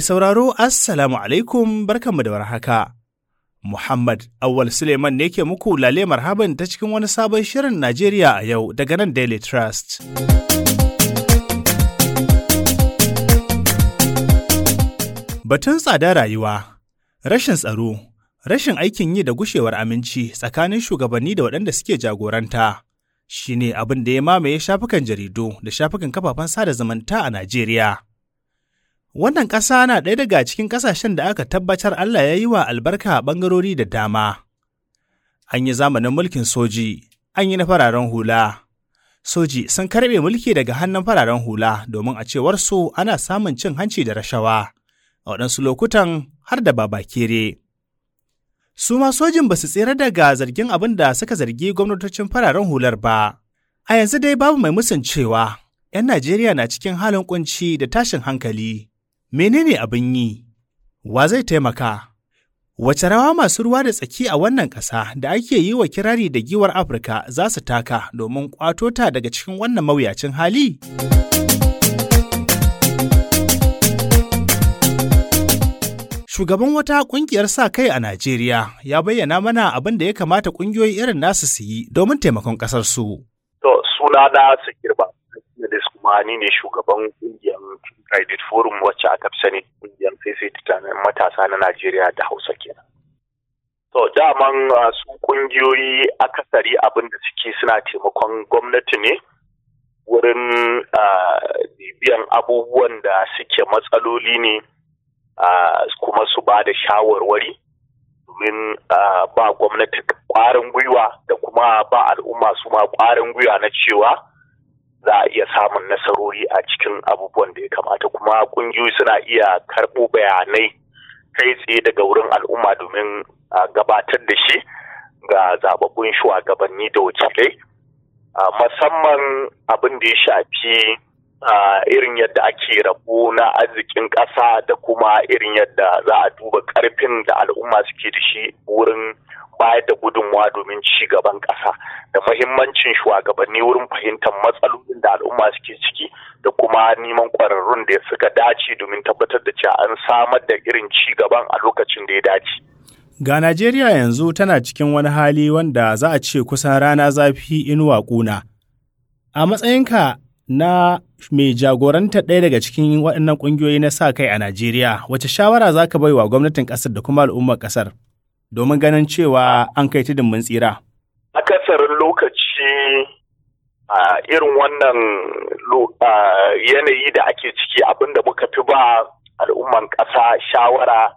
Mai sauraro Assalamu alaikum barkanmu da warhaka. Muhammad Awal Suleiman ne ke muku lale marhaban ta cikin wani sabon shirin Najeriya a yau daga nan Daily Trust. Batun tsada rayuwa, rashin tsaro, rashin aikin yi da gushewar aminci tsakanin shugabanni da waɗanda suke jagoranta. shi ne abin da ya mamaye shafukan jaridu da shafukan kafafen sada zumunta a Najeriya. Wannan ƙasa na ɗaya daga cikin ƙasashen da aka tabbatar Allah ya yi wa albarka ɓangarori da dama. An yi zamanin mulkin soji, an yi na fararen hula. Soji sun karɓe mulki daga hannun fararen hula domin a cewar su ana samun cin hanci da rashawa, a waɗansu lokutan har da kere. Su ma sojin ba su tsira daga zargin abin da suka zargi gwamnatocin fararen hular ba. A yanzu dai babu mai musun cewa ‘yan Najeriya na cikin halin kunci da tashin hankali. menene abin yi, wa zai taimaka, wace rawa masu ruwa da tsaki a wannan ƙasa da ake yi wa kirari da giwar Afirka za su taka domin ƙwato ta daga cikin wannan mawuyacin hali? Shugaban wata ƙungiyar sa kai a Najeriya ya bayyana mana abin da ya kamata ƙungiyoyi irin nasu su yi domin taimakon ƙasarsu. To, suna da su girba. Nades kuma ne shugaban kungiyar Credit Forum wacce aka fi sani kungiyar ta matasa na Najeriya da Hausa kenan. To daman uh, su kungiyoyi akasari abin da suke suna taimakon gwamnati ne wurin uh, bibiyan abubuwan da suke matsaloli ne uh, kuma su ba da shawarwari domin ba gwamnati kwarin gwiwa da kuma ba al'umma su ma kwarin gwiwa na cewa za a iya samun nasarori a cikin abubuwan da ya kamata kuma kungiyoyi suna iya karɓo bayanai kai tsaye daga wurin al'umma domin gabatar da shi ga zababbun shugabanni da wakilai musamman abin da ya shafi irin yadda ake rabo na arzikin ƙasa da kuma irin yadda za a duba ƙarfin da al'umma suke da shi wurin bayar da gudunmawa domin ci gaban ƙasa da mahimmancin shugabanni wurin fahimtar matsalolin da al'umma suke ciki da kuma neman ƙwararrun da suka dace domin tabbatar da cewa an samar da irin ci gaban a lokacin da ya dace. Ga Najeriya yanzu tana cikin wani hali wanda za a ce kusan rana zafi inuwa ƙuna. A matsayinka na mai jagoranta ɗaya daga cikin waɗannan ƙungiyoyi na sa kai a Najeriya, wace shawara za ka bai wa gwamnatin ƙasar da kuma al'ummar ƙasar domin ganin cewa an kai tudun mun tsira? Akasarin lokaci a irin wannan yanayi da ake ciki abin da muka fi ba al'umman ƙasa shawara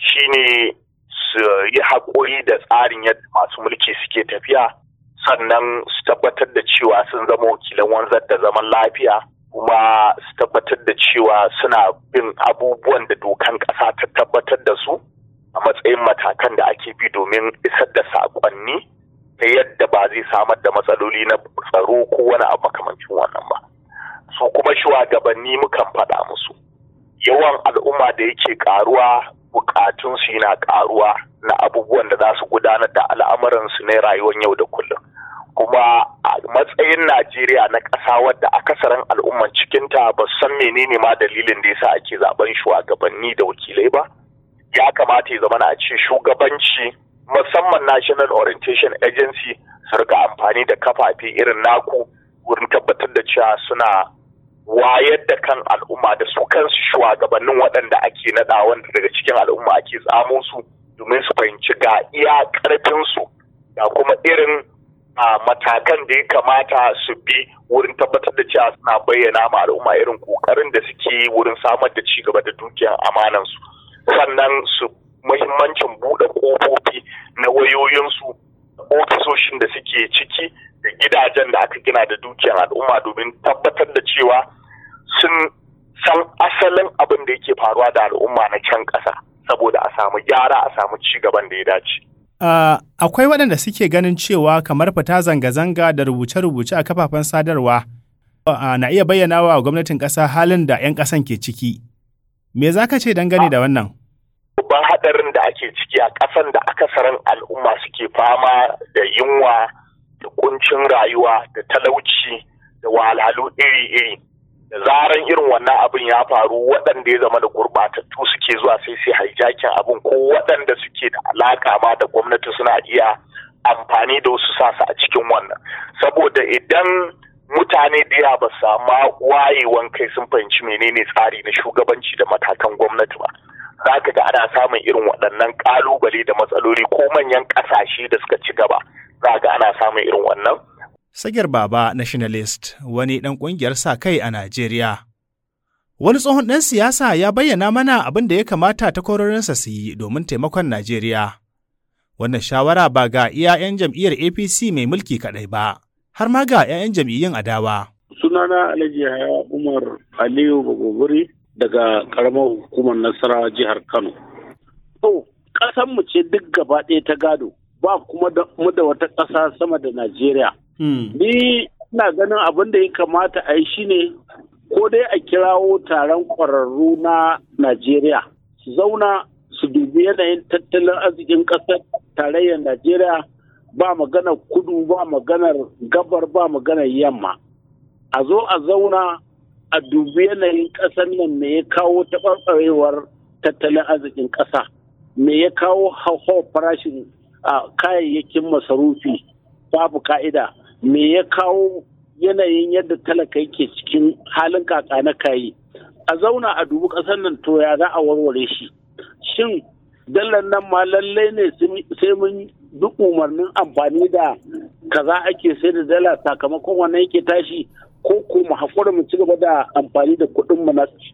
shine su yi haƙuri da tsarin yadda masu mulki suke tafiya. sannan su tabbatar da cewa sun zama wakilan wanzar da zaman lafiya kuma su tabbatar da cewa suna bin abubuwan da dokan ƙasa ta tabbatar da su a matsayin matakan da ake bi domin isar da saƙonni ta yadda ba zai samar da matsaloli na tsaro ko wani abu makamancin wannan ba su kuma shugabanni mukan faɗa musu yawan al'umma da yake ƙaruwa buƙatunsu yana ƙaruwa na abubuwan da za su gudanar da al'amuransu na rayuwar yau da kullum kuma a matsayin najeriya na ƙasa wadda akasarin al'umman cikinta ba san menene ma dalilin da yasa ake zaben shugabanni da wakilai ba ya kamata ya zama a ce shugabanci musamman national orientation agency su rika amfani da kafafe irin naku wurin tabbatar da cewa suna wayar da kan al'umma da su kansu shugabannin waɗanda ake naɗa wanda daga cikin al'umma ake tsamo su domin su fahimci ga iya ƙarfinsu da kuma irin a matakan da ya kamata su bi wurin tabbatar da cewa suna bayyana ma al'umma irin kokarin da suke wurin samar da ci gaba da dukiyar amanansu sannan su muhimmancin buɗe ƙofofi na wayoyinsu ofisoshin da suke ciki da gidajen da aka gina da dukiyar al'umma domin tabbatar da cewa sun san asalin abin da yake faruwa da al'umma na can ƙasa saboda a samu gyara a samu ci gaban da ya dace. Uh, akwai waɗanda suke ganin cewa kamar fita zanga-zanga da rubuce-rubuce a kafafen sadarwa uh, na iya bayyana wa gwamnatin ƙasa halin da 'yan ƙasan ke ciki. Me za ka ce dangane da wannan? Ba haɗarin da ake ciki a ƙasan da akasarin al'umma suke fama da yunwa da kuncin rayuwa da talauci da wahalhalu iri-iri. da zaran irin wannan abin ya faru waɗanda ya zama da gurɓatattu suke zuwa sai sai hijacking abin ko waɗanda suke da alaka ma da gwamnati suna iya amfani da wasu sasa a cikin wannan saboda idan mutane da yawa ba samu wayewan kai sun fahimci menene tsari na shugabanci da matakan gwamnati ba za ka ga ana samun irin waɗannan ƙalubale da matsaloli ko manyan ƙasashe da suka ci gaba za ga ana samun irin wannan Sagir Baba Nationalist wani ɗan ƙungiyar sa kai a Najeriya. Wani tsohon ɗan siyasa ya bayyana mana abin da ya kamata takwarorinsa su yi domin taimakon Najeriya. Wannan shawara ba ga iya jam'iyyar APC mai mulki kaɗai ba, har ma ga 'ya'yan jam'iyyun adawa. Sunana Alhaji Yahaya Umar Aliyu Bagogori daga ƙaramar hukumar Nasara jihar Kano. To, mu ce duk gaba ɗaya ta gado, ba kuma mu da wata ƙasa sama da Najeriya. Hmm. Ni ina ganin abin da ya kamata a yi shi ne ko dai a kirawo taron ƙwararru na Najeriya su zauna su dubi yanayin tattalin arzikin ƙasar tarayyar Najeriya ba maganar kudu ba maganar gabar ba maganar yamma. A zo a zauna a dubi yanayin ƙasar nan me ya kawo taɓarɓarewar tattalin arzikin ƙasa, me ya kawo hauhawar farashin kayayyakin masarufi babu ka'ida. me ya kawo yanayin yadda talaka yake cikin halin kaka na kayi a zauna a dubi ƙasar nan to ya za a warware shi shin dallan nan ma lallai ne sai mun duk umarnin amfani da kaza ake sai da dala sakamakon wannan yake tashi ko ko mu haƙura mu ci gaba da amfani da kuɗin mu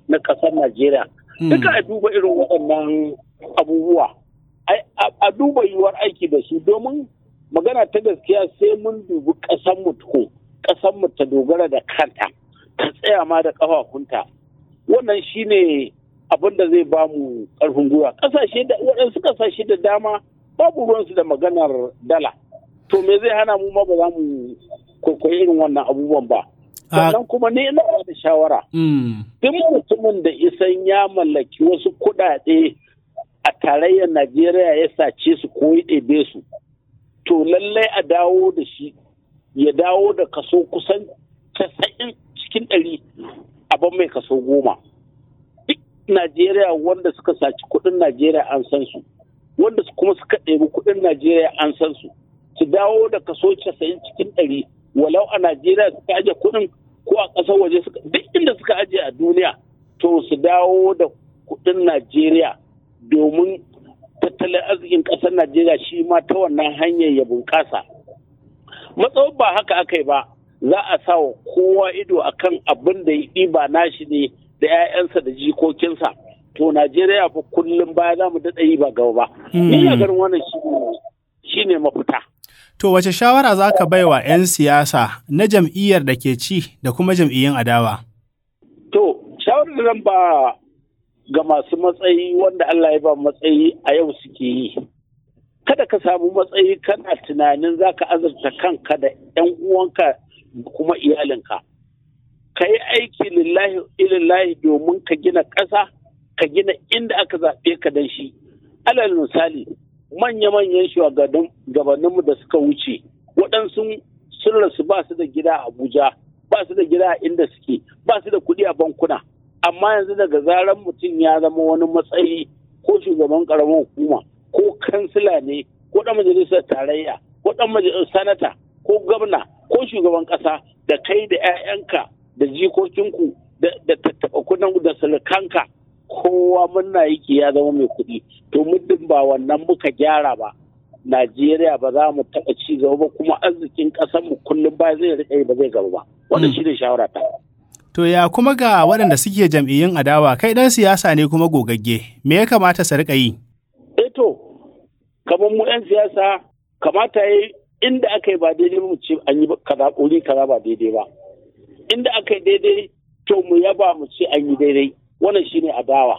na ƙasar Najeriya hmm. duka a duba irin waɗannan abubuwa a duba yiwuwar aiki da su domin magana ta gaskiya sai mun dubi ƙasan mu tuko ta dogara da kanta ta tsaya ma da ƙafafunta wannan shine abin da zai bamu ƙarfin gwiwa ƙasashe da waɗansu ƙasashe da dama babu ruwansu da maganar dala to me zai hana mu ma ba za mu kwaikwayi irin wannan abubuwan ba sannan kuma ni ina da shawara mm. duk mutumin da isan ya mallaki wasu kuɗaɗe a tarayyar najeriya ya sace su ko ya ɗebe su to lallai a dawo da shi ya dawo da kaso kusan casa'in cikin ɗari abin mai kaso goma duk najeriya wanda suka saci kuɗin najeriya an san su wanda kuma suka ɗebi kuɗin najeriya an san su su dawo da kaso casa'in cikin ɗari walau a najeriya suka aje kuɗin ko a ƙasar waje suka duk inda suka aje a duniya to su dawo da kuɗin najeriya domin tattalin arzikin ƙasar najeriya shi ma ta wannan hanyar ya bunƙasa matsawar ba haka aka yi ba za a sa wa kowa ido akan abin da ya ɗiba nashi ne da 'ya'yansa da jikokinsa to najeriya fa kullum baya za mu daɗa yi ba gaba ba hmm. ni ya ganin wannan shi ne mafita to wace shawara za ka bai wa 'yan siyasa na jam'iyyar da ke ci da kuma jam'iyyun adawa to shawarar zan ba ga masu matsayi wanda Allah ya ba matsayi a yau suke yi. Kada ka samu matsayi kana tunanin za ka azurta kanka da 'yan uwanka da kuma iyalinka. Ka yi aiki lillahi ilillahi domin ka gina ƙasa, ka gina inda aka zaɓe ka don shi. Alal misali, manya-manyan shugabanninmu da suka wuce, waɗansu sun rasu ba su da gida a Abuja, ba su da gida a inda suke, ba su da kuɗi a bankuna. amma yanzu daga zaran mutum ya zama wani matsayi ko shugaban karamar hukuma ko kansila ne ko dan majalisar tarayya ko dan majalisar sanata ko gwamna ko shugaban ƙasa da kai da 'ya'yanka da jikokinku da tattaɓa da sulkanka kowa muna yake ya zama mai kuɗi to muddin ba wannan muka gyara ba Najeriya ba za mu taɓa ci gaba ba kuma arzikin ƙasar kullum ba zai riƙe ba zai gaba ba wannan mm. shi ne shawara ta To ya kuma ga waɗanda suke jam'iyyun adawa kai ɗan siyasa ne kuma gogagge me ya kamata su riƙa yi? Eto, eh kamar mu 'yan siyasa kamata yi inda aka yi ba daidai mu ce an yi kaza ƙuri kaza ba daidai ba. Inda aka yi daidai to mu yaba mu ce an yi daidai wannan shine adawa.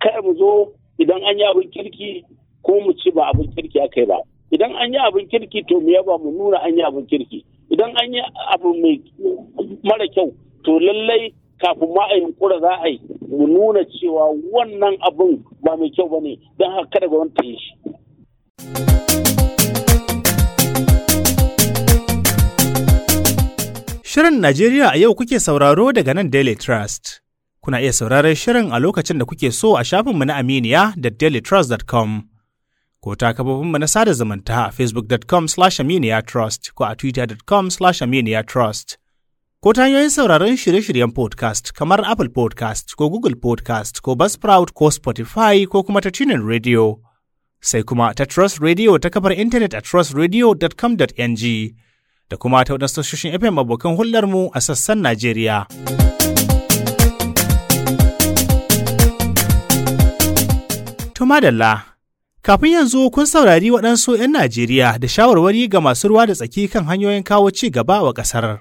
kai mu zo idan an yi abin kirki ko mu ci ba abin kirki aka yi ba. Idan an yi abin kirki to mu yaba mu nuna an yi abin kirki. Idan an yi abu mai mara kyau to lallai kafin ma a yi za a yi mu nuna cewa wannan abin ba mai kyau ba ne don haka kada gwamnati ta shi. Shirin Najeriya a yau kuke sauraro daga nan Daily Trust. Kuna iya sauraron shirin a lokacin da kuke so a shafinmu na Aminiya da dailytrust.com. Ko ta kafofinmu na sada zumunta a facebook.com slash aminiya trust ko a twitter.com slash aminiya trust. ko ta hanyoyin sauraron shirye-shiryen podcast kamar Apple podcast ko Google podcast ko Buzzsprout ko Spotify ko kuma ta tunin radio. Sai kuma ta Trust Radio ta kafar intanet a trustradio.com.ng da kuma ta wadansu tashoshin FM abokan hulɗarmu a sassan Najeriya. Tumadalla Kafin yanzu kun saurari waɗansu ‘yan Najeriya da shawarwari ga masu ruwa da tsaki kan hanyoyin kawo ci gaba wa ƙasar.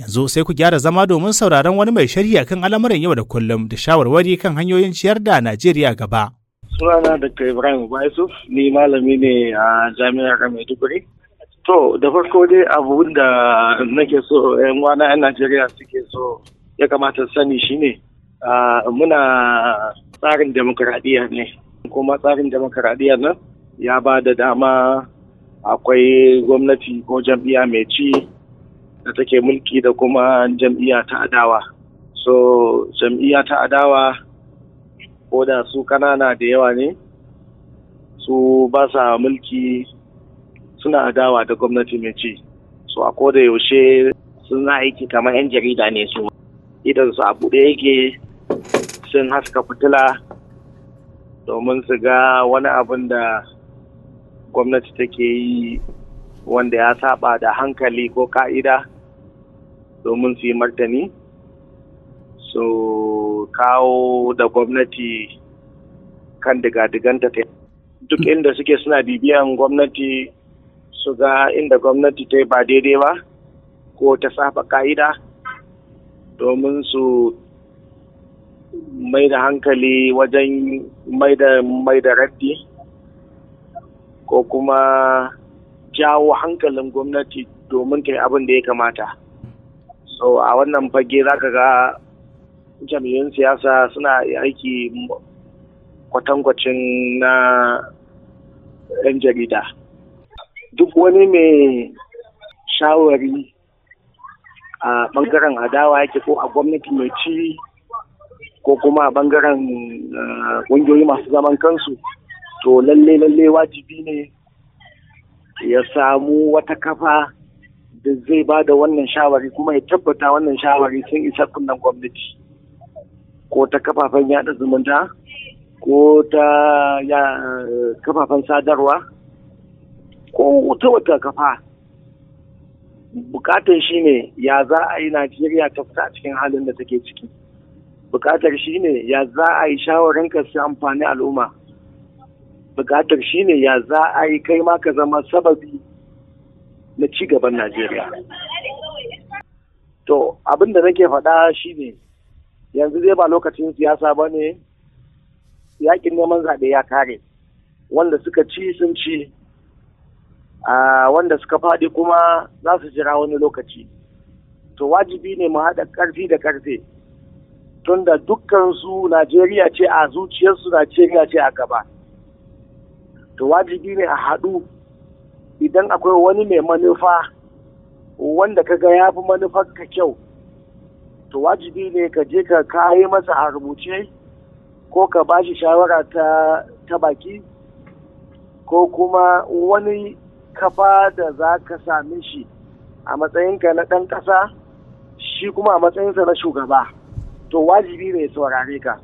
Yanzu sai ku gyara zama domin sauraron wani mai shari'a kan al'amuran yau da kullum da shawarwari kan hanyoyin ciyar da Najeriya gaba. Sunana Dr. Ibrahim Baisuf, ni malami ne a Jami'ar Maiduguri. To, da farko dai abu da nake so 'yan wana 'yan Najeriya suke so ya kamata sani shine muna tsarin demokradiyya ne. Kuma tsarin demokradiyya nan ya ba da dama akwai gwamnati ko jam'iyya mai ci da take mulki da kuma jam'iyya ta adawa so jam'iyya ta adawa ko da su kanana da yawa ne su ba sa mulki suna adawa da gwamnati mai ci so a koda yaushe sun aiki kamar 'yan jarida ne su idan su abu buɗe yake sun haska fitila domin su ga wani abin da gwamnati take yi wanda ya saba da hankali ko ka'ida domin su yi martani su kawo da gwamnati kan diga-diganta ta duk inda suke suna bibiyan gwamnati su ga inda gwamnati ta yi ba daidai ba ko ta saba ka'ida domin su mai da hankali wajen mai da raddi ko kuma jawo hankalin gwamnati domin ta yi abin da ya kamata so a wannan fage za ka ga jami'in siyasa suna aiki kwatankwacin na 'yan jarida duk wani mai shawari a bangaren adawa yake ko a gwamnati mai ci ko kuma a bangaren eh, ƙungiyoyi masu zaman kansu to lalle lalle wajibi ne ya samu wata kafa da zai ba da wannan shawari kuma ya tabbata wannan shawari sun isa kunnen gwamnati ko ta kafafen yada zumunta ko ta kafafen sadarwa ko ta wata kafa bukatar shi ne ya za a yi najeriya ta fita a cikin halin da take ciki bukatar shi ne ya za a yi shawarin ka su amfani al'umma bukatar shine ya za a yi kai ma ka zama sababi na ci gaban Najeriya. To abin da nake faɗa shine yanzu zai ba lokacin siyasa ba ne yakin neman zaɓe ya kare wanda suka ci sun ci A wanda suka faɗi kuma za su jira wani lokaci. To wajibi ne mu haɗa ƙarfi da ƙarfe tunda dukkan su Najeriya ce a zuciyarsu Najeriya ce a gaba. to wajibi ne a haɗu idan akwai wani mai manufa wanda ka ga ya fi ka kyau to wajibi ne ka je ka kayi masa a rubuce ko ka ba shi shawara ta, baki ko kuma wani kafa da za ka sami shi a matsayinka na ɗan ƙasa shi kuma a matsayinsa na shugaba to wajibi ne saurare ka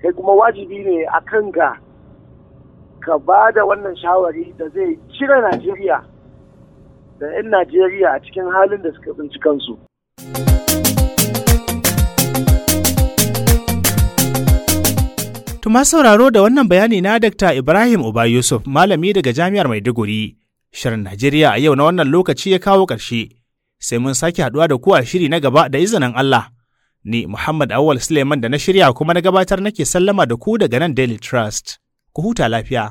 kai kuma wajibi ne a kanka ka ba da wannan shawari da zai cire Najeriya da 'yan Najeriya a cikin halin da suka tsinci kansu. Tuma sauraro da wannan bayani na Dr. Ibrahim Uba Yusuf, malami daga Jami'ar Maiduguri, Shirin Najeriya a yau na wannan lokaci ya kawo ƙarshe, sai mun sake haɗuwa da ku a shiri na gaba da izinin Allah. Ni Muhammad Awal Suleiman da na shirya kuma na gabatar nake sallama da ku daga nan Daily Trust. ku huta lafiya.